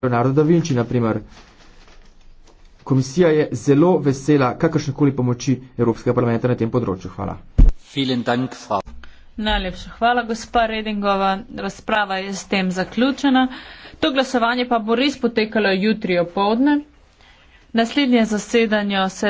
Leonardo da Vinci, naprimer. Komisija je zelo vesela kakršnekoli pomoči Evropskega parlamenta na tem področju. Hvala. Dank, Najlepša hvala, gospa Redingova. Razprava je s tem zaključena. To glasovanje pa bo res potekalo jutri opovdne. Naslednje zasedanje se.